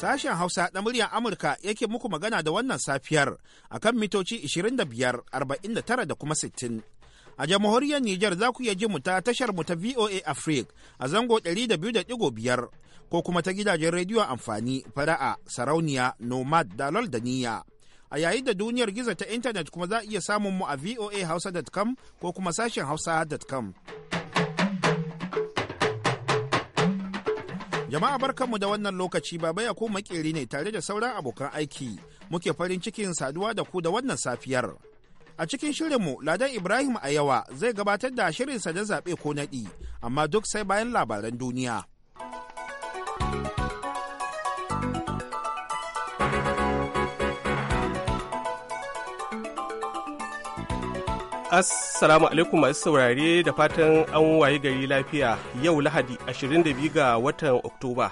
Sashen Hausa na muryar Amurka yake muku magana da wannan safiyar akan mitoci 25,49 da kuma 60. A jamhuriyar Nijar za ku iya ji mu ta tashar mu ta VOA Africa a zango 200.5 ko kuma ta gidajen rediyo amfani fara'a sarauniya nomad da da niyya. A yayin da duniyar gizo ta intanet kuma za a iya samun mu a voahausa.com ko kuma sashen hausa.com. Jama'a barkanmu da wannan lokaci baba ya ko makeri ne tare da sauran abokan aiki muke farin cikin saduwa da ku da wannan safiyar. A cikin shirinmu Ladan Ibrahim a yawa zai gabatar da shirinsa da zaɓe ko naɗi amma duk sai bayan labaran duniya. Assalamu alaikum masu saurare da fatan an waye gari lafiya yau Lahadi 22 ga watan Oktoba.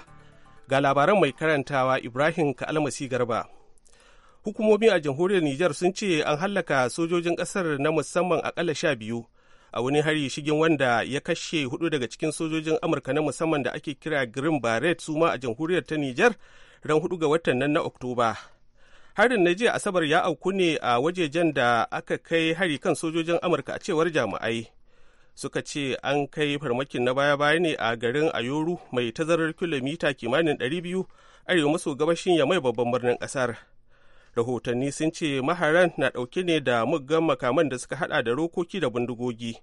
Ga labaran mai karantawa Ibrahim Ka'almasi Garba. Hukumomi a jamhuriyar Nijar sun ce an hallaka sojojin ƙasar na musamman akalla sha biyu a wani hari shigin wanda ya kashe hudu daga cikin sojojin Amurka na musamman da ake kira Green Beret suma a jamhuriyar ta Nijar ran hudu ga watan nan na Oktoba. harin na jiya asabar ya auku ne a wajejen da aka kai hari kan sojojin amurka a cewar jami'ai suka ce an kai farmakin na baya-baya ne a garin ayoru mai tazarar kilomita kimanin 200 arewa maso gabashin ya mai babban birnin kasar rahotanni sun ce maharan na ɗauke ne da muggan makaman da suka hada da rokoki da bindigogi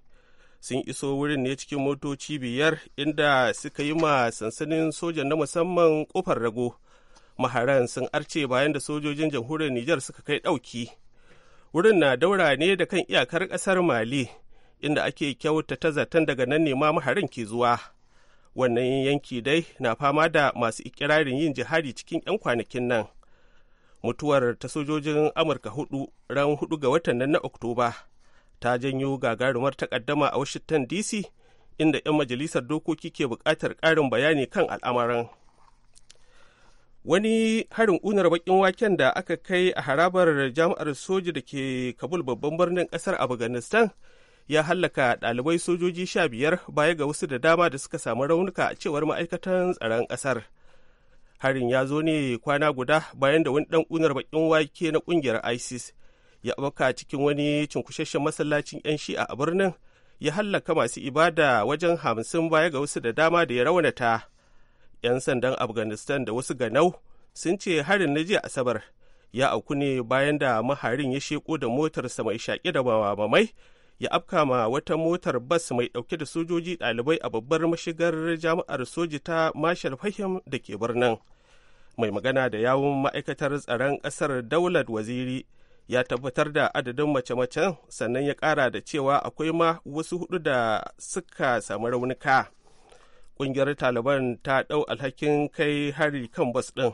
sun iso wurin ne cikin motoci biyar inda suka yi ma sansanin sojan na musamman kofar rago maharan sun arce bayan da sojojin jamhuriyar Nijar suka kai ɗauki. Wurin na daura ne da kan iyakar ƙasar Mali, inda ake kyautata zaton daga nan ne ma maharan ke zuwa. Wannan yanki dai na fama da masu ikirarin yin jihadi cikin 'yan kwanakin nan. Mutuwar ta sojojin Amurka hudu ran hudu ga watan nan na Oktoba ta janyo gagarumar takaddama a Washington DC inda 'yan majalisar dokoki ke buƙatar ƙarin bayani kan al'amarin. wani harin unar bakin waken da aka kai a harabar jami'ar soji da ke kabul babban birnin kasar afghanistan ya hallaka ɗalibai sojoji sha biyar baya ga wasu da dama da suka samu raunuka a cewar ma'aikatan tsaron ƙasar harin ya zo ne kwana guda bayan da wani ɗan unar bakin wake na ƙungiyar isis ya abuka cikin wani cinkushashen masallacin 'yan shi'a a birnin ya hallaka masu ibada wajen hamsin baya ga wasu da dama da ya raunata 'yan sandan afghanistan da wasu ganau sun ce harin na jiya asabar ya auku ne bayan da maharin ya sheko da motarsa mai shaƙi da mamamai ya afka ma wata motar bas mai ɗauke da sojoji ɗalibai a babbar mashigar jami'ar soji ta marshal fahim da ke birnin mai magana da yawun ma'aikatar tsaron ƙasar daulat waziri ya tabbatar da adadin mace-macen sannan ya ƙara da cewa akwai ma wasu hudu da suka samu raunuka. ƙungiyar taliban ta ɗau alhakin kai hari kan bas ɗin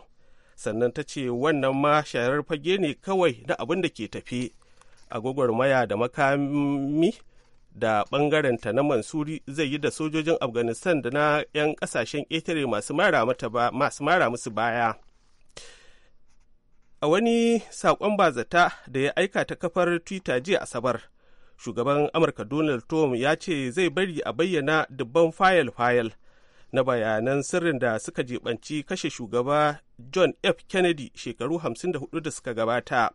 sannan ta ce wannan ma sharar fage ne kawai na abin da ke tafi agogwar maya da makami da ɓangarenta na mansuri zai yi da sojojin afghanistan da na 'yan ƙasashen ƙetare masu mara musu baya a wani saƙon bazata da ya aika ta kafar twitter jiya asabar shugaban amurka donald trump ya ce zai bari a bayyana dubban fayil-fayil na bayanan sirrin da suka jibanci kashe shugaba john f kennedy shekaru 54 da suka gabata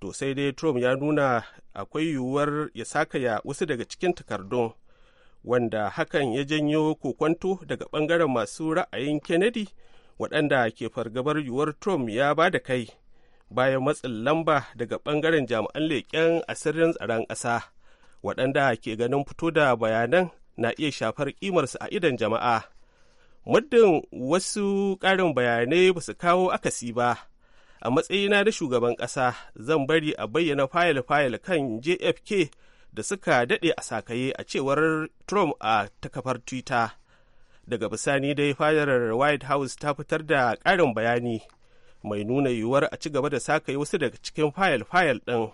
to sai dai trump ya nuna akwai yiwuwar ya sakaya wasu daga cikin takardun wanda hakan ya janyo kokwanto daga bangaren masu ra'ayin kennedy waɗanda ke fargabar yiwuwar trump ya ba da kai bayan matsin lamba daga bangaren jami'an leƙen asirin tsaron ƙasa waɗanda ke ganin fito da bayanan na iya shafar kimarsu a idon jama'a muddin wasu ƙarin bayanai ba su kawo akasi ba a matsayina na shugaban ƙasa zan bari a bayyana fayil-fayil kan jfk da suka daɗe a sakaye a cewar trump a takafar kafar twitter daga bisani dai fadar white house ta fitar da ƙarin bayani mai nuna yiwuwar a ci gaba da sakaye wasu daga cikin fayil-fayil ɗin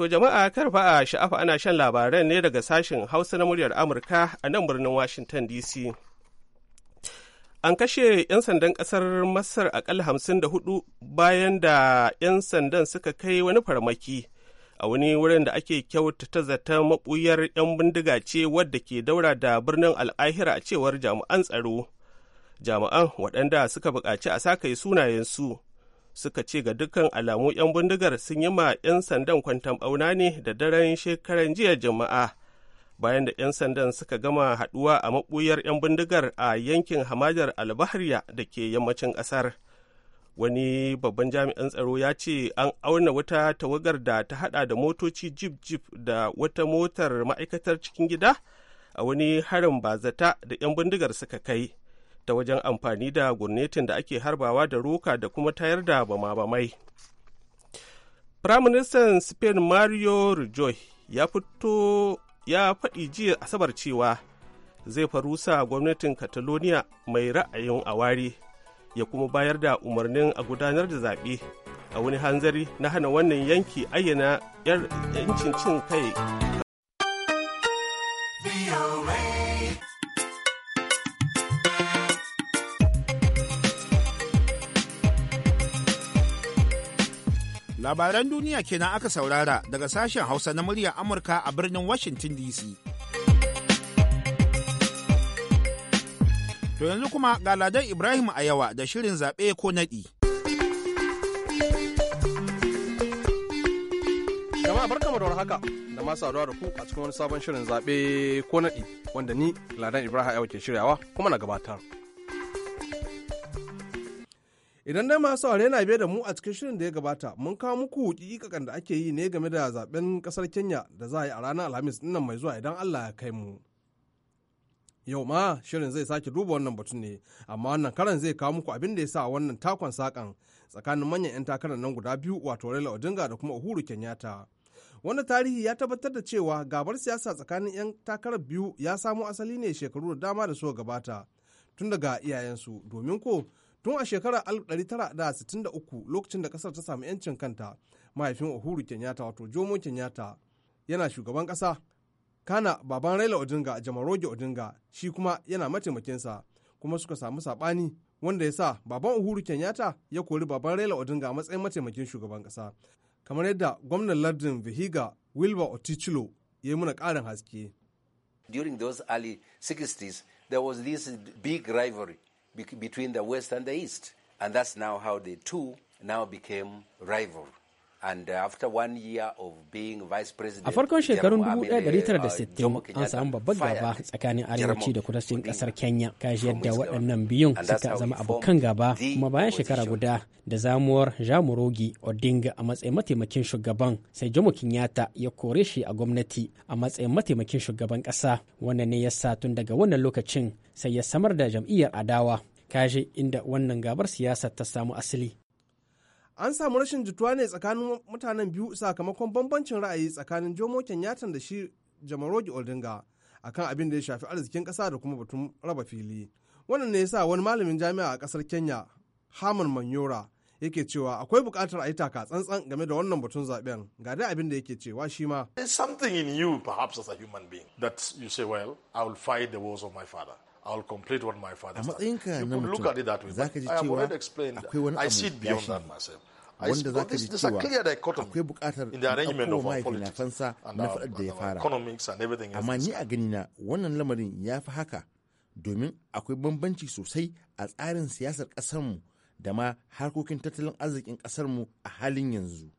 To jama'a karfa a sha'afa ana shan labaran ne daga sashen Hausa na muryar Amurka a nan birnin Washington DC. An kashe 'yan sandan ƙasar Masar akalla hamsin da hudu bayan da 'yan sandan suka kai wani farmaki a wani wurin da ake kyautata zata maɓuyar 'yan bindiga ce wadda ke daura da birnin al'ahira a cewar jami'an tsaro. Jami'an waɗanda suka buƙaci a sunayen su. suka ce ga dukkan oh. alamu 'yan bindigar sun yi ma 'yan sandan kwantan ɓauna ne da daren shekaran jiya jama'a bayan da 'yan sandan suka gama haɗuwa a maɓuyar 'yan bindigar a yankin hamadar albahariya da ke yammacin ƙasar wani babban jami'an tsaro ya ce an auna wata tawagar da ta hada da motoci jip jip da wata motar ma'aikatar cikin gida a wani harin bazata da 'yan bindigar suka kai ta wajen amfani da gurnetin da ake harbawa da roka da kuma tayar da bama-bamai. Firaministan Spain Mario Rajoy ya fito ya faɗi jiya asabar cewa zai farusa gwamnatin Catalonia mai ra'ayin aware ya kuma bayar da umarnin a gudanar da zaɓe a wani hanzari na hana wannan yanki ayyana 'yancin cin kai Labaran duniya kenan aka saurara daga sashen Hausa na muryar Amurka a birnin Washington DC. To yanzu kuma ga Ladan Ibrahim a da shirin zaɓe ko naɗi. Jama'a barkamu da haka da masu saduwa da ku a cikin wani sabon shirin zaɓe ko naɗi wanda ni Ladan Ibrahim Ayawa ke shiryawa kuma na gabatar. Idan dai masu saurare na biye da mu a cikin shirin da ya gabata, mun kawo muku dikikan da ake yi ne game da zaben kasar Kenya da za a yi a ranar Alhamis dinnan mai zuwa idan Allah ya kai mu. Yau ma shirin zai sake duba wannan batun ne, amma wannan karan zai kawo muku abin da ya sa wannan takon sakan tsakanin manyan 'yan takarar nan guda biyu wato Raila Odinga da kuma Uhuru Kenyatta. Wanda tarihi ya tabbatar da cewa gabar siyasa tsakanin 'yan takarar biyu ya samo asali ne shekaru da dama da suka gabata tun daga iyayensu domin ko tun a shekarar 1963 lokacin da kasar ta samu 'yancin kanta mahaifin uhuru kenyatta wato jomo kenyatta yana shugaban kasa kana baban raila odinga jamaroge odinga shi kuma yana mataimakinsa kuma suka samu sabani wanda ya sa baban uhuru kenyatta ya kori baban raila odinga a matsayin mataimakin shugaban kasa kamar yadda gwamnan lardin vihiga wilbur otichilo ya yi muna karin haske during those early 60s there was this big rivalry between the West and the East. And that's now how the two now became rival Uh, a farkon shekarun 1960 uh, an samu babban gaba tsakanin arewaci da kudancin kasar Kenya kashi yadda waɗannan biyun suka zama abokan gaba kuma bayan shekara guda da zamuwar Jamurogi Odinga a matsayin mataimakin shugaban sai Jomo Kenyatta ya kore shi a gwamnati a matsayin mataimakin shugaban ƙasa wannan ne ya sa tun daga wannan lokacin sai ya samar da jam'iyyar adawa kashi inda wannan gabar siyasa ta samu asali. an samu rashin jituwa ne tsakanin mutanen biyu sakamakon bambancin ra'ayi tsakanin jomo kenyatta da shi akan abin da ya shafi arzikin kasa da kuma batun raba fili wannan ne yasa wani malamin jami'a a kasar kenya haman manyora yake cewa akwai buƙatar a yi taka tsantsan game da wannan batun zaben ga dai abin da yake cewa shi ma there's something in you perhaps as a human being that you say well i will fight the wars of my father I'll complete what my father started. You can look at it that way. I, ji cewa akwai beyond that myself. wanda za ka ji cewa akwai bukatar akwai mahaifina fansa na faɗar da ya fara amma ni a gani na wannan lamarin ya fi haka domin akwai bambanci sosai a tsarin siyasar ƙasarmu da ma harkokin tattalin arzikin ƙasarmu a halin yanzu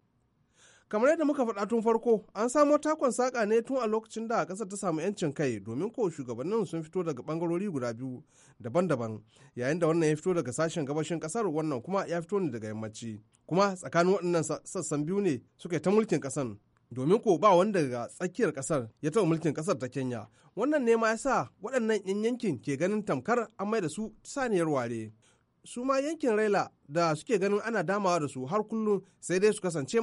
kamar yadda muka faɗa tun farko an samo takon saƙa ne tun a lokacin da ƙasar ta samu 'yancin kai domin ko shugabannin sun fito daga ɓangarori guda biyu daban-daban yayin da wannan ya fito daga sashen gabashin ƙasar wannan kuma ya fito ne daga yammaci kuma tsakanin waɗannan sassan biyu ne suka ta mulkin ƙasar domin ko ba wanda daga tsakiyar ƙasar ya taɓa mulkin ƙasar ta kenya wannan ne ma ya sa waɗannan 'yan yankin ke ganin tamkar an mai da su saniyar ware su ma yankin raila da suke ganin ana damawa da su har kullum sai dai su kasance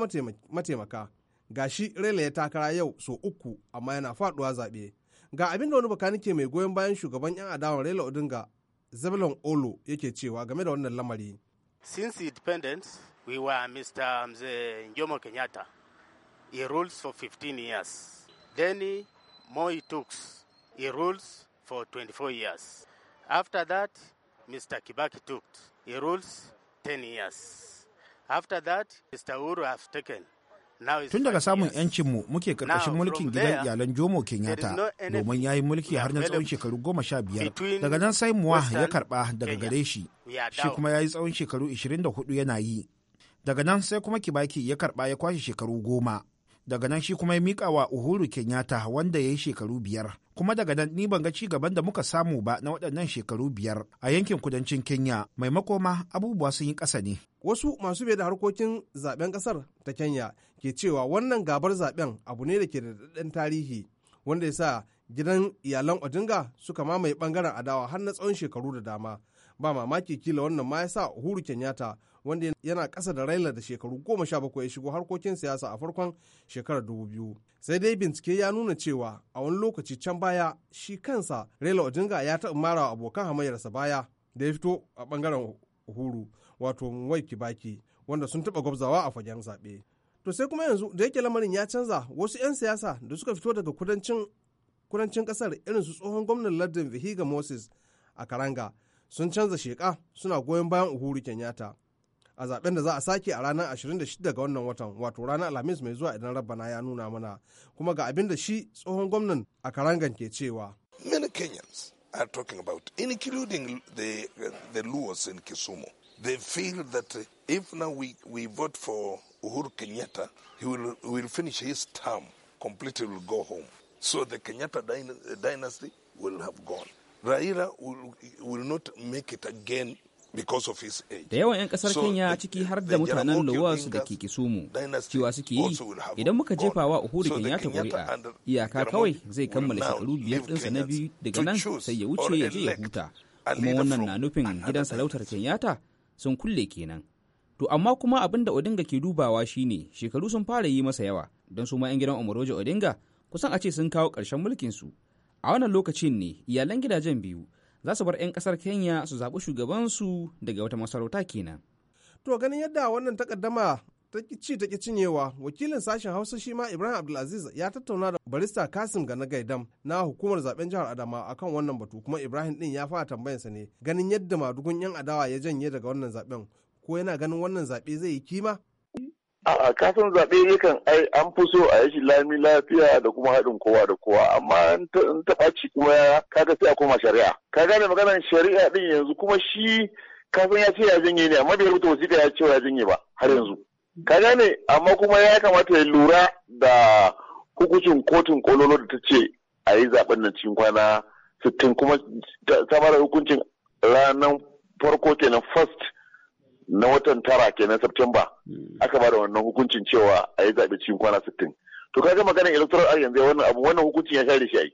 mataimaka ga shi raila ya takara yau so uku amma yana faduwa zaɓe ga abin da wani bakanike mai goyon bayan shugaban yan adawan raila odinga zebulon olo yake cewa game da wannan lamari since independence we were mr mze um, Njomo kenyatta he rules for 15 years then moi tuks he rules for 24 years after that Mr. Kibaki took. He rules 10 years. After that, Mr. Uhuru has taken. Tun daga samun 'yancinmu muke karkashin mulkin gidan iyalan Jomo Kenyatta domin ya yi mulki har na tsawon shekaru goma sha biyar. Daga nan sai muwa ya karba daga gare shi, shi kuma ya yi tsawon shekaru 24 yana yi. Daga nan sai kuma Kibaki ya karba ya kwashe shekaru goma. daga nan shi kuma ya mika wa uhuru kenyatta wanda ya yi shekaru biyar kuma daga nan ni ban ga ci gaban da muka samu ba na waɗannan shekaru biyar a yankin kudancin kenya mai makoma abubuwa sun yi ƙasa ne wasu masu bai da harkokin zaben ƙasar ta kenya ke cewa wannan gabar zaben abu ne da ke da daɗin tarihi wanda ya sa gidan iyalan odinga suka mamaye bangaren adawa har na tsawon shekaru da dama ba mamaki kila wannan ma ya sa uhuru kenyatta wanda yana kasa da raila da shekaru goma sha bakwai ya shigo harkokin siyasa a farkon shekarar dubu biyu sai dai bincike ya nuna cewa a wani lokaci can baya shi kansa raila odinga ya taɓa mara abokan hamayyarsa baya da ya fito a bangaren uhuru wato mwai kibaki wanda sun taɓa gwabzawa a fagen zaɓe to sai kuma yanzu da yake lamarin ya canza wasu 'yan siyasa da suka fito daga kudancin kudancin kasar irin su tsohon gwamnan lardin vihiga moses a karanga sun canza sheka suna goyon bayan uhuru kenyatta a zaben da za a sake a ranar 26 ga wannan watan wato ranar alhamis mai zuwa idan rabbana ya nuna mana kuma ga abin da shi tsohon gwamnan a karangan ke cewa many kenyans are talking about including the, the in kisumu they feel that if now we, we vote for uhuru kenyatta he will, will finish his term completely will go home so the kenyatta dynasty will have gone Raila will, will not make it again Da yawan 'yan kasar Kenya ciki har da mutanen su da ke Kisumu cewa suke yi idan muka jefa wa Uhuru Kenyatta kuri'a iyaka kawai zai kammala shekaru biyar ɗinsa na biyu daga nan sai ya wuce ya je ya huta kuma wannan na nufin gidan salautar Kenyatta sun kulle kenan. To amma kuma abin da Odinga ke dubawa shine shekaru sun fara yi masa yawa don su ma 'yan gidan Omoroja Odinga kusan a ce sun kawo ƙarshen mulkin su a wannan lokacin ne iyalan gidajen biyu za su bar 'yan kasar kenya su zaɓi shugabansu daga wata masarauta kenan to ganin yadda wannan takaddama ta ci ta cinyewa wakilin sashen hausa shi ma ibrahim abdulaziz ya tattauna da barista kasim ga na gaidam na hukumar zaben jihar adama akan wannan batu kuma ibrahim din ya fara tambayansa ne ganin yadda madugun yan adawa ya janye daga wannan zaben ko yana ganin wannan zaɓe zai yi kima A'a kasan zaɓe yakan ai an fi so a yi lami lafiya da kuma haɗin kowa da kowa amma in taɓa ci kuma kaga sai a koma shari'a. Ka gane maganar shari'a din yanzu kuma shi kasan ya ce ya janye ne amma bai rubuta wasiƙa ya ce ya janye ba har yanzu. Ka gane amma kuma ya kamata ya lura da hukuncin kotun kololo da ta ce a yi zaɓen nan cikin kwana sittin kuma ta fara hukuncin ranar farko kenan first na watan tara kenan Septemba hmm. aka bada wannan hukuncin cewa a yi zaɓe cikin kwana sittin. To kaga maganar electoral act yanzu wannan abu wannan hukuncin ya share shi ai.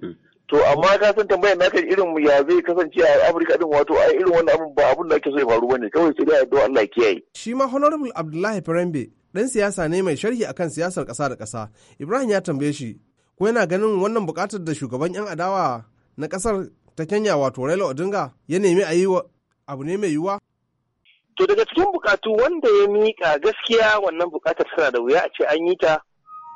Hmm. To amma ka san tambayar naka irin ya zai kasance a Afirka din wato ai irin wannan abun ba abun da ake so ya faru bane kawai sai dai addu'a Allah ya kiyaye. Shi ma Honorable Abdullahi Farambe dan siyasa ne mai sharhi akan siyasar kasa da kasa Ibrahim ya tambaye shi ko yana ganin wannan bukatar da shugaban 'yan adawa na kasar ta Kenya wato Raila Odinga ya nemi a yi abu ne mai yiwuwa To daga cikin bukatu wanda ya miƙa gaskiya wannan bukatar tana da wuya a ce an yi ta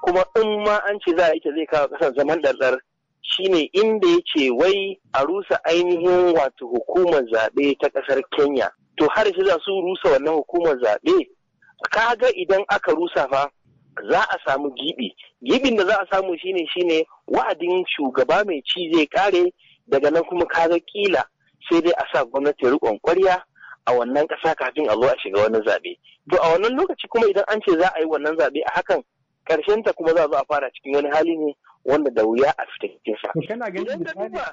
kuma in ma an ce za a yi zai kawo ƙasar zaman ɗarɗar shine inda ya ce wai a rusa ainihin wato hukumar zaɓe ta ƙasar Kenya. To har shi za su rusa wannan hukumar zaɓe kaga idan aka rusa fa za a samu gibi gibin da za a samu ne-shi shine wa'adin shugaba mai ci zai kare daga nan kuma kaga ƙila, sai dai a sa gwamnati riƙon ƙwarya a wannan ƙasa kafin a zo a shiga wani zaɓe. To a wannan lokaci kuma idan an ce za a yi wannan zaɓe a hakan ƙarshen ta kuma za a zo a fara cikin wani hali ne wanda da wuya a fita cikin sa. Kana ganin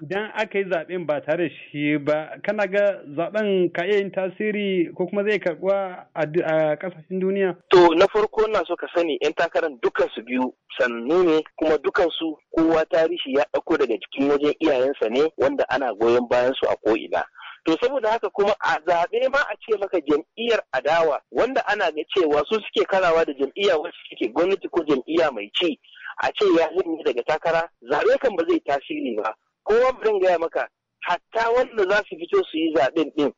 idan aka yi zaɓen ba tare shi ba kana ga zaɓen ka iya yin tasiri ko kuma zai karɓuwa a ƙasashen duniya? To na farko na so ka sani 'yan takarar dukan su biyu sannu ne kuma dukansu kowa tarihi ya ɗauko daga cikin wajen iyayensa ne wanda ana goyon bayan su a ko'ina. To saboda haka kuma a zaɓe ma a ce maka jam'iyyar adawa wanda ana ga cewa su suke karawa da jam'iyya wacce suke gwamnati ko jam'iyya mai ci a ce ya ne daga takara zaɓe kan ba zai tasiri ba. Kowa bari gaya maka hatta wanda za su fito su yi zaɓen ɗin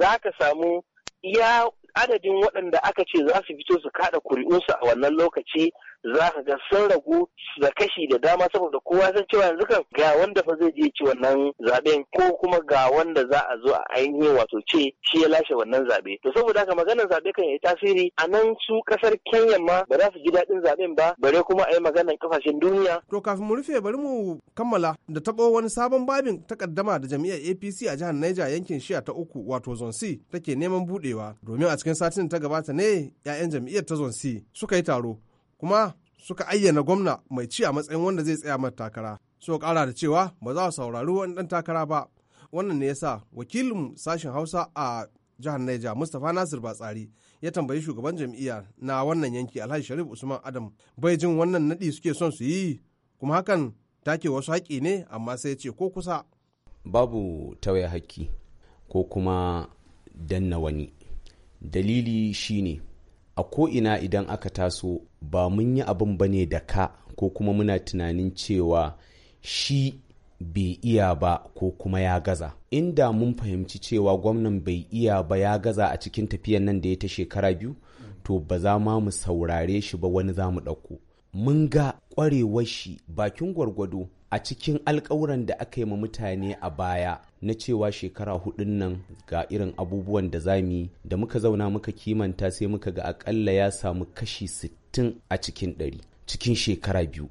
za ka samu iya adadin waɗanda aka ce za su fito su kaɗa kuri'unsu a wannan lokaci za ka ga sun ragu da kashi da dama saboda kowa san cewa yanzu kan ga wanda fa zai je ci wannan zaben ko kuma ga wanda za a zo a ainihin wato ce shi ya lashe wannan zabe to saboda haka maganar zabe kan yi tasiri a nan su kasar Kenya ma ba za su ji daɗin zaben ba bare kuma a yi maganar kasashen duniya to kafin mu rufe bari mu kammala da tabo wani sabon babin takaddama da jami'ar APC a jihar Niger yankin shiya ta uku wato zonsi take neman budewa domin a cikin satin ta gabata ne 'ya'yan jam'iyyar ta zonsi suka yi taro kuma suka ayyana gwamna mai ci a matsayin wanda zai tsaya mata takara suka kara da cewa ba za su saurari wani dan takara ba wannan ne yasa wakilin sashen hausa a jihar Neja Mustapha Nasir Batsari ya tambayi shugaban jam'iyya na wannan yanki Alhaji Sharif Usman Adam bai jin wannan nadi suke son su yi kuma hakan take wasu haƙi ne amma sai ya ce ko kusa babu tawaye haƙƙi ko kuma danna wani dalili shine a ko ina idan aka taso ba mun yi abin ba ne da ka ko kuma muna tunanin cewa shi bai iya ba ko kuma ya gaza inda mun fahimci cewa gwamnan bai iya ba ya gaza a cikin tafiyan nan da ya ta shekara biyu to ba za ma mu saurare shi ba wani za mu ɗauko mun ga ƙwarewar shi bakin gwargwado a cikin alkawuran da aka yi ma mutane a baya na cewa shekara hudun nan ga irin abubuwan da zami da muka zauna muka kimanta sai muka ga akalla ya samu kashi 60 a cikin 100 cikin shekara biyu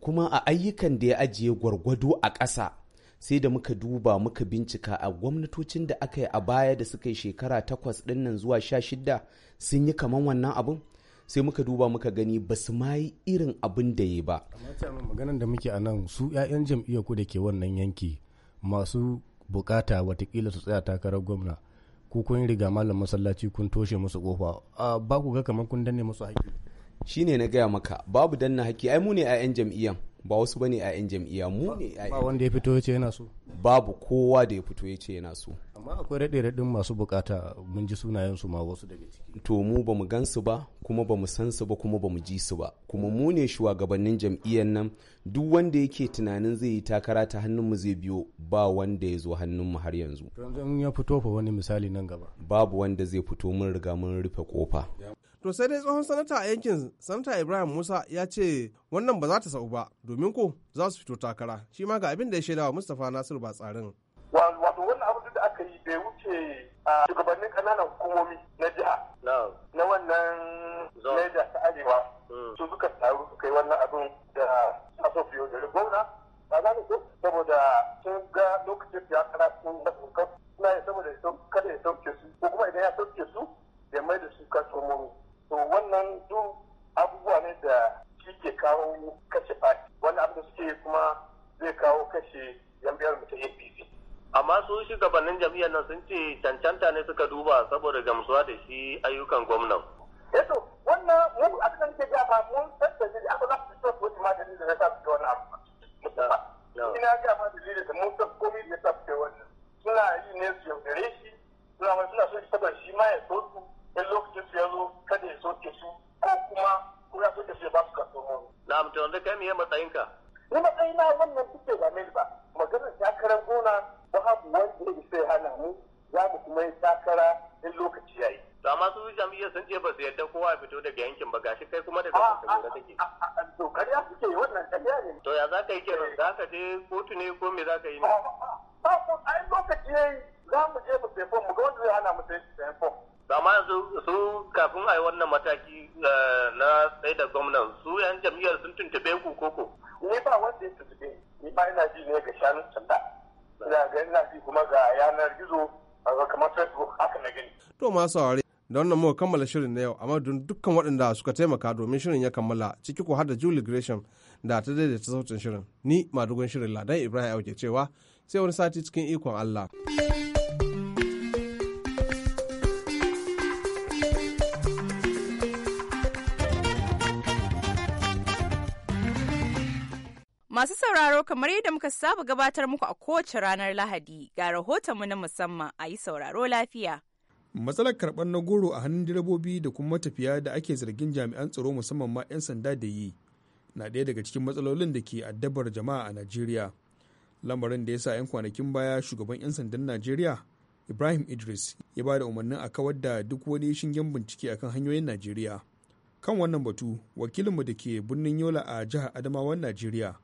kuma a ayyukan da ya ajiye gwargwado a ƙasa sai da muka duba muka bincika a gwamnatocin da aka yi a baya da suka yi shekara takwas ɗinnan zuwa sha shidda sun yi kaman wannan abun sai muka duba muka gani ba su ma yi irin abin da ya ba. maganar da muke a nan su 'ya'yan jam'iyyar ku da ke wannan yanki masu bukata watakila su tsaya takarar gwamna ko kun riga malam masallaci kun toshe musu kofa ba ku ga kamar kun danne musu haƙƙi. shine na gaya maka babu danna haƙƙi ai mu ne 'ya'yan jam'iyyar ba wasu bane a yan jam'iyya mu ne ba wanda ya fito ya ce yana so babu kowa da ya fito ya ce yana so amma akwai rade radin masu bukata mun ji sunayen su ma wasu daga ciki to mu ba mu gan ba kuma ba mu san su ba kuma ba mu ji su ba kuma mu ne shugabannin jam'iyyar nan duk wanda yake tunanin zai yi takara ta hannun mu zai biyo ba wanda ya zo hannun mu har yanzu to ya fito fa wani misali nan gaba babu wanda zai fito mun riga mun rufe kofa To sai dai tsohon sanata a yankin sanata Ibrahim Musa ya ce wannan ba za ta sau ba domin ko za su fito takara shi ma ga abin da ya shaidawa Mustapha Nasiru ba tsarin. Wato wannan abu da aka yi bai wuce a shugabannin kananan hukumomi na jiha na wannan Niger ta Arewa mm. su suka taru suka yi wannan abin da aso fiye da gwamna ba za ko saboda sun ga lokacin da ya kara sun suna saboda kada ya sauke su ko kuma idan ya sauke su ya mai da su kan tsomomi. to wannan duk abubuwa ne da shi kawo kashe ba wani abu da suke kuma zai kawo kashe jam'iyyar mu ta apc amma su shugabannin jam'iyyar nan sun ce cancanta ne suka duba saboda gamsuwa da shi ayyukan gwamnan eto eh wannan mu a kan ke ga ba mun tattace da aka zafi so ko ma da ni da ta fito wannan abu ina ga ma da da mun ta komi da ta fito wannan suna yi ne su yaudare shi suna suna so shi saboda shi ma ya so su in lokacin su ya zo kada ya soke su ko kuma ko ya soke su ya ba su kasuwa na mutu wanda kai matsayin ka? ni na wannan duk bai game ba maganar takarar gona babu wanda ya sai hana mu za mu kuma yi takara in lokaci ya yi. to amma su jam'iyyar sun ce ba su yadda kowa ya fito daga yankin ba gashi kai kuma daga Kaduna take. to kariya suke yi wannan kariya ne. to ya za ka yi kenan za ka je kotu ne ko me za ka yi ne. ba ko ai lokaci ya yi za mu je mu sai mu ga wanda zai hana mu sai fom. amma su kafin a yi wannan mataki eh, na tsaye da gwamnan su yan jam'iyyar sun tuntube ku koko. Ni ba wanda ya tuntube ni ba ina ji ne ga shanun sanda. Ina ga ina ji kuma ga yanar gizo kamar Facebook haka na gani. To masu da wannan muka kammala shirin na yau amma dukkan waɗanda suka taimaka domin shirin ya kammala ciki ko har da Julie Gresham da ta daidaita sautin shirin. Ni madugun shirin Ladan Ibrahim Auke cewa sai wani sati cikin ikon Allah. Masu sauraro kamar yadda muka saba gabatar muku a kowace ranar Lahadi ga rahotonmu na musamman a yi sauraro lafiya. Matsalar karɓar na goro a hannun direbobi da kuma matafiya da ake zargin jami'an tsaro musamman ma 'yan sanda da yi na ɗaya daga cikin matsalolin da ke addabar jama'a a Najeriya. Lamarin da ya sa 'yan kwanakin baya shugaban 'yan sandan Najeriya Ibrahim Idris ya ba da umarnin a kawar da duk wani shingen bincike akan hanyoyin Najeriya. Kan wannan batu, wakilinmu da ke birnin Yola a jihar Adamawan Najeriya,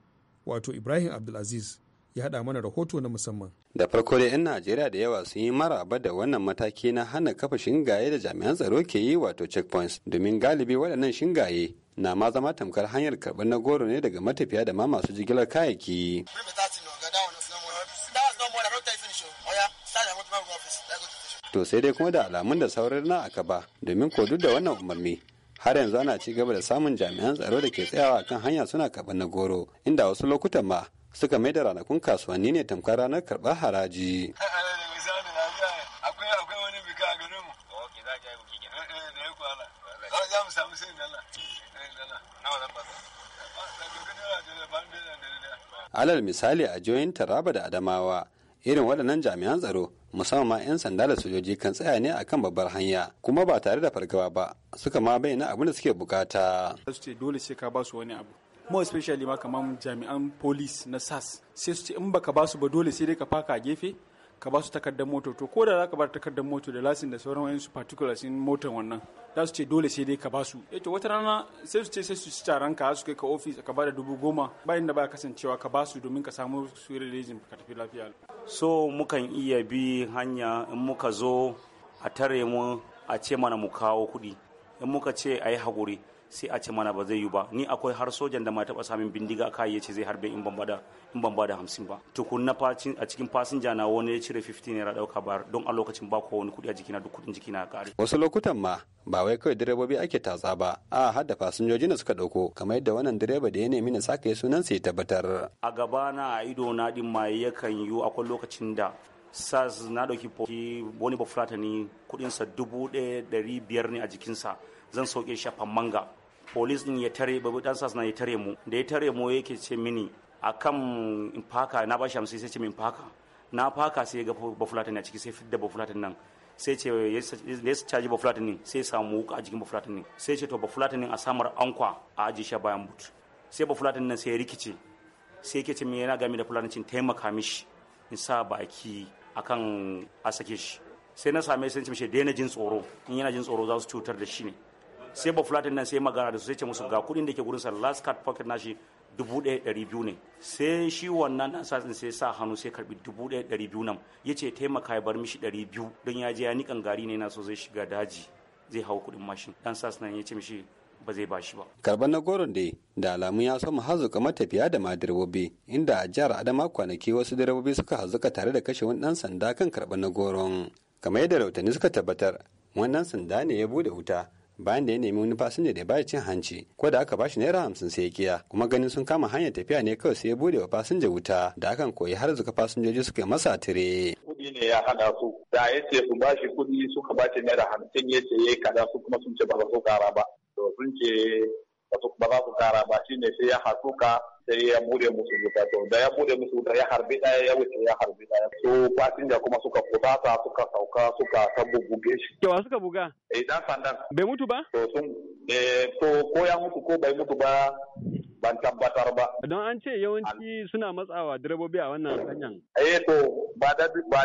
wato ibrahim abdulaziz ya haɗa mana rahoto na musamman da farko dai 'yan najeriya da yawa sun yi maraba da wannan mataki na hana kafa shingaye da jami'an tsaro ke yi wato checkpoints domin galibi waɗannan shingaye na ma zama tamkar hanyar karɓar na goro ne daga matafiya da ma masu jigilar kayayyaki to sai dai kuma da alamun da sauran na aka ba domin ko duk da wannan umarni har yanzu ana ci gaba da samun jami'an tsaro da ke tsayawa kan hanya suna karɓar na goro inda wasu lokutan ma suka mai da ranakun kasuwanni ne tamkar ranar karɓar haraji. alal misali a jihohin taraba da adamawa irin waɗannan jami'an tsaro musamman ma 'yan sanda da sojoji kan tsaya ne kan babbar hanya kuma ba tare da fargaba ba suka ma bayyana abin da suke bukata. su ce dole sai ka ba su wani abu mo especially ma kamar jami'an police na sas sai su ce in baka ba su ba dole sai dai ka faka gefe ka ba su takardar moto to ko da za ka ba takardar moto da lasin da sauran su particulars in motar wannan za su ce dole sai dai ka ba su eh to wata rana sai su ce sai su ci taron ka su kai ka office ka ba da dubu goma bayan da baya kasancewa ka ba su domin ka samu su religion ka tafi lafiya so mukan iya bi hanya in muka zo a tare mu a ce mana mu kawo kuɗi in muka ce a yi haƙuri sai a ce mana ba zai yi ba ni akwai har sojan da ma taɓa samun bindiga a ya ce zai harbe in ban bada in hamsin ba tukun na a cikin fasinja na wani ya cire 15 naira dauka ba don a lokacin ba ko wani kudi a jikina duk kudin jikina kare wasu lokutan ma ba wai kawai direbobi ake tatsa ba a har da fasinjoji da suka ɗauko kamar yadda wannan direba da ya nemi na saka ya sunan sai tabbatar. a gaba na a ido na ɗin ma yakan yi akwai lokacin da sas na ɗauki wani bafulatani kuɗinsa dubu daya dari biyar ne a jikinsa zan sauke shafan manga polis din ya tare babu dan sas na ya tare mu da ya tare mu yake ce mini akan in faka na ba shamsi sai ce min faka na faka sai ga bafulatin a ciki sai fidda bafulatin nan sai ce ya caji bafulatin ne sai samu wuka a jikin bafulatin ne sai ce to ne a samar ankwa a aji shi bayan but sai bafulatin nan sai ya rikice sai ke ce min yana game da cin taimaka mishi in sa baki akan a sake shi sai na same sai ce mishi daina jin tsoro in yana jin tsoro za su cutar da shi ne sai ba fulatin nan sai magana da su sai ce musu ga kudin da ke gurin sa last card pocket nashi dubu ɗaya ɗari biyu ne sai shi wannan ɗan sasin sai sa hannu sai karbi dubu ɗaya ɗari biyu nan ya ce taimaka ya bar mishi ɗari biyu don ya je ya niƙan gari ne na so zai shiga daji zai hau kuɗin mashin ɗan sasin nan ya ce mishi ba zai bashi ba. Karban na goron dai da alamu ya samu hazuka matafiya da ma direbobi inda a jihar Adama kwanaki wasu direbobi suka hazuka tare da kashe wani dan sanda kan karban na goron. Kamar yadda rautani suka tabbatar, wannan sanda ne ya bude wuta bayan da ya nemi wani fasinja da bai cin hanci ko da aka bashi naira hamsin sai ya kiya kuma ganin sun kama hanyar tafiya ne kawai sai ya bude wa fasinja wuta da akan koyi har zuka fasinjoji suka masa tire. kuɗi ne ya hada su da ya ce su bashi kuɗi suka bace naira hamsin ya ce ya yi su kuma sun ce ba su kara ba to sun ce ba za su kara ba shine sai ya hasuka sai ya bude musu wuta to da ya bude musu wuta ya harbi daya ya wuce ya harbi daya so fasinja kuma suka kubata suka sauka suka ta bubuge shi kewa suka buga eh dan sandan bai mutu ba to sun eh to ko ya mutu ko bai mutu ba ban tabbatar ba. Don an ce yawanci suna matsawa direbobi a wannan hanyar. Eh to ba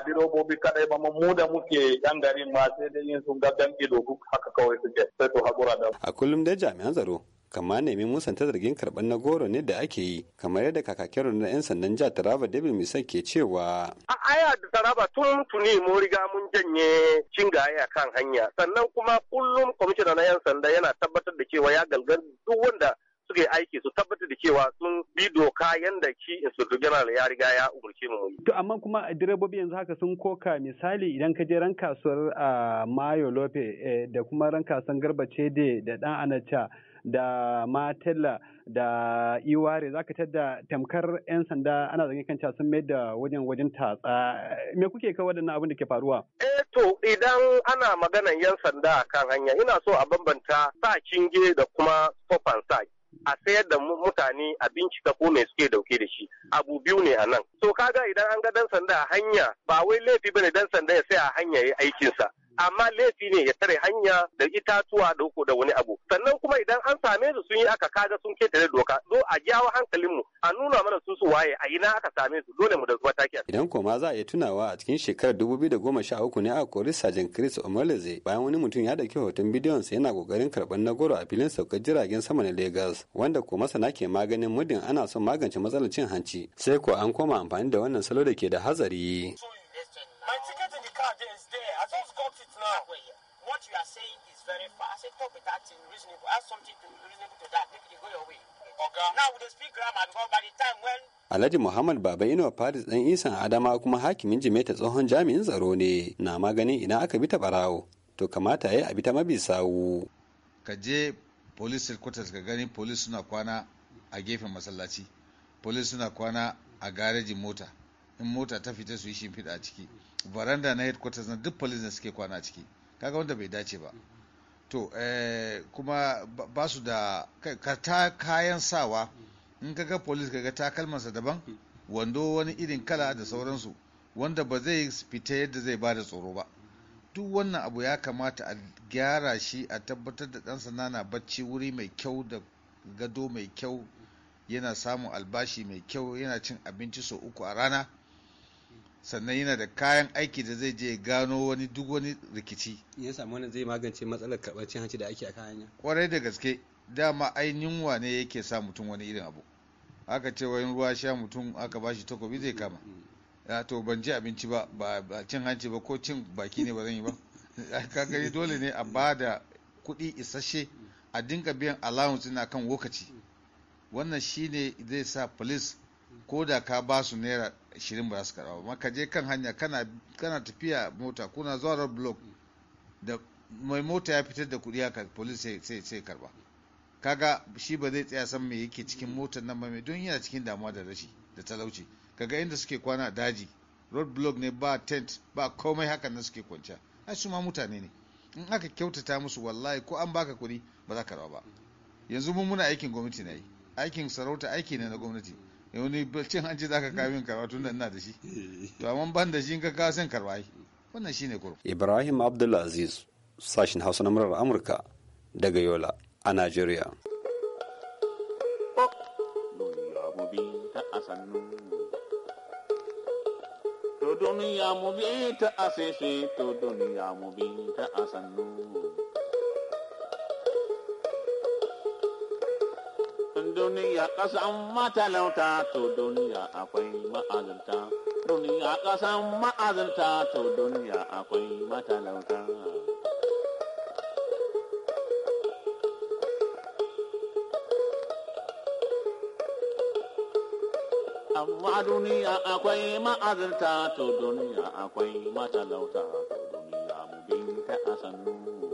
direbobi kadai ba mu da muke dan garin ma sai dai yin sun gaddan ido duk haka kawai suke sai to hakura da. A kullum dai jami'an tsaro kama nemi musanta zargin karɓar na goro ne da ake yi kamar yadda kakakin na 'yan sandan jihar taraba david misal ke cewa a aya da taraba tun tuni mu riga mun janye cingaye a kan hanya sannan kuma kullum kwamishina na 'yan sanda yana tabbatar da cewa ya galgar duk wanda suka yi aiki su tabbatar da cewa sun bi doka yanda shi inspector general ya riga ya umurce mu. To amma kuma direbobi yanzu haka sun koka misali idan ka je ran kasuwar a Mayo Lope eh, da kuma ran kasuwar Garba Chede; da Dan Anacha da Matella da Iware zaka tadda tamkar 'yan sanda ana zage kan sun mai da wajen wajen tatsa me kuke kawo waɗannan abin da ke faruwa? Eh to idan ana maganan 'yan sanda kan hanya ina so a bambanta sa kinge da kuma stop and a sayar da mutane a bincika ko mai suke dauke da shi abu biyu ne a nan so kaga idan an ga dan sanda a hanya ba wai laifi bane dan sanda ya sai a hanya ya aikinsa amma laifi ne ya tare hanya da itatuwa da uku da wani abu sannan kuma idan an same su sun yi aka kaga sun ketare doka zo a jawo hankalinmu a nuna mana su su waye a ina aka same su dole mu da zuwa take idan koma za a iya tunawa a cikin shekarar 2013 ne aka kori sajan Chris Omaleze bayan wani mutum ya dauki hoton bidiyon sa yana kokarin karɓar na goro a filin saukar jiragen sama na Lagos wanda ko masana ke maganin muddin ana son magance matsalar cin hanci sai ko an koma amfani da wannan salo da ke da hazari. you are saying is very far. I said, talk with that thing reasonable. Add something to reasonable to that. Make it go your way. Alhaji Muhammad Baba Inuwa Faris ɗan Isan Adama kuma hakimin Jimeta tsohon jami'in tsaro ne na maganin ina aka bi ta barawo to kamata ya abi ta mabi sawu. Ka je police headquarters ka gani police suna kwana a gefen masallaci police suna kwana a garejin mota in mota ta fita su yi shimfiɗa a ciki baranda na headquarters na duk police ne suke kwana a ciki. kaga wanda bai dace ba to eh, kuma ba su da karta kayan sawa in kaga police kaga takalmansa daban wando wani irin kala da sauransu wanda ba zai fita yadda zai ba da tsoro ba duk wannan abu ya kamata a gyara shi a tabbatar da ɗan sanda na bacci wuri mai kyau da gado mai kyau yana samun albashi mai kyau yana cin abinci sau uku a rana sannan yana da kayan aiki da zai je gano wani duk wani rikici ya samu wani zai magance matsalar karɓar cin hanci da ake a kan hanya kwarai da gaske dama ainihin wane yake sa mutum wani irin abu aka ce wani ruwa sha mutum aka bashi takobi zai kama mm. ya to ban ji abinci ba ba cin hanci ba ko cin baki ne ba zan yi ba ka gani dole ne a ba da kuɗi isasshe a dinka biyan allowance na kan lokaci mm. wannan shine zai sa police ko da ka ba su naira ashirin ba za su karɓa ba ka je kan hanya kana tafiya mota kuna zuwa road block da mai mota ya fitar da kuɗi haka polis sai sai karba kaga shi ba zai tsaya san me yake cikin motar nan ba mai don yana cikin damuwa da rashi da talauci kaga inda suke kwana daji road block ne ba tent ba komai hakan nan suke kwanciya ai su ma mutane ne in aka kyautata musu wallahi ko an baka kuɗi ba za ka rawa ba yanzu mun muna aikin gwamnati na yi aikin sarauta aiki ne na gwamnati wani cin hanci zaka kawo min karba tun da ina da shi eh. to amma ban da shi ka kawo sun karwa yi wannan shi ne kurum Ibrahim Abdulaziz sashen Hausa na murar Amurka daga Yola a nigeria To duniya mu bi ta asese to duniya mu bi ta asannu duniya ƙasan matalauta to duniya akwai ma'azinta duniya ƙasan ma'azinta to duniya akwai matalauta amma duniya akwai ma'azinta to duniya akwai matalauta to duniya mu binta a sannu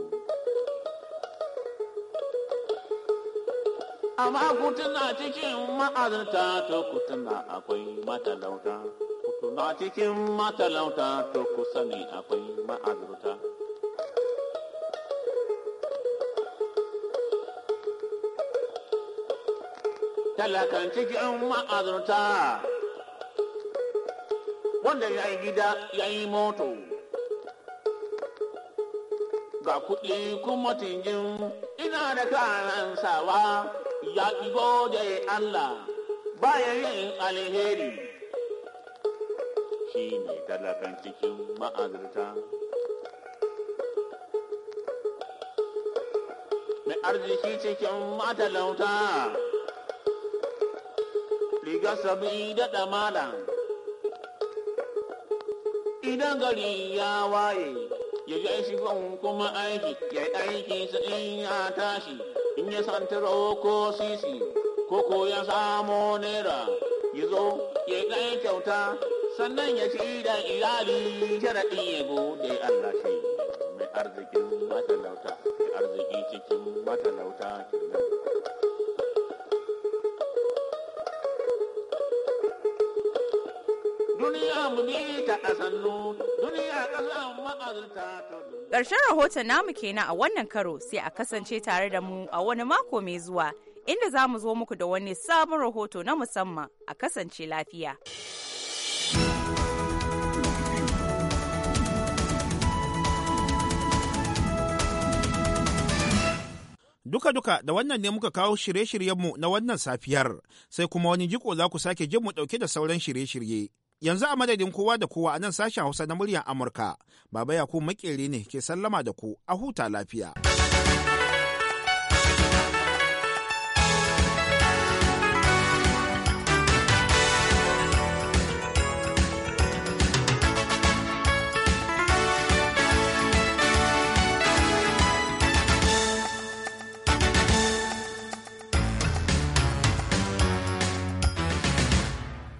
amma ku cikin ma'azinta to ku tuna akwai matalauta ku cikin matalauta to ku sani akwai ma'azinta talakan cikin ma'azinta wanda ya yi gida ya yi moto ga kuɗi kuma tingin Ina da kanan sawa ya ki gode Allah bayan yin alheri shi ne talakan cikin ma'azirta mai arziki cikin matalauta riga sabi da damala idan gari ya waye ya je shi kuma aiki ya aiki sa in ya tashi in ya santaro ko sisi ko ya samo naira ya zo ya yi kyauta sannan ya ci da iyali sharaɗi ya Allah shi mai arzikin matalauta arziki cikin matalauta duniya mu bi ta a sannu Ƙarshen rahoton namu kenan a wannan karo sai a kasance tare da mu a wani mako mai zuwa inda za mu zo muku da wani sabon rahoto na musamman a kasance lafiya. Duka-duka da wannan ne muka kawo shirye-shiryenmu na wannan safiyar, sai kuma wani jiko za ku sake jin mu ɗauke da sauran shirye-shirye. Yanzu a madadin kowa da kowa a nan sashen Hausa na muryar Amurka, Baba ku makeri ne ke sallama da ku a huta lafiya.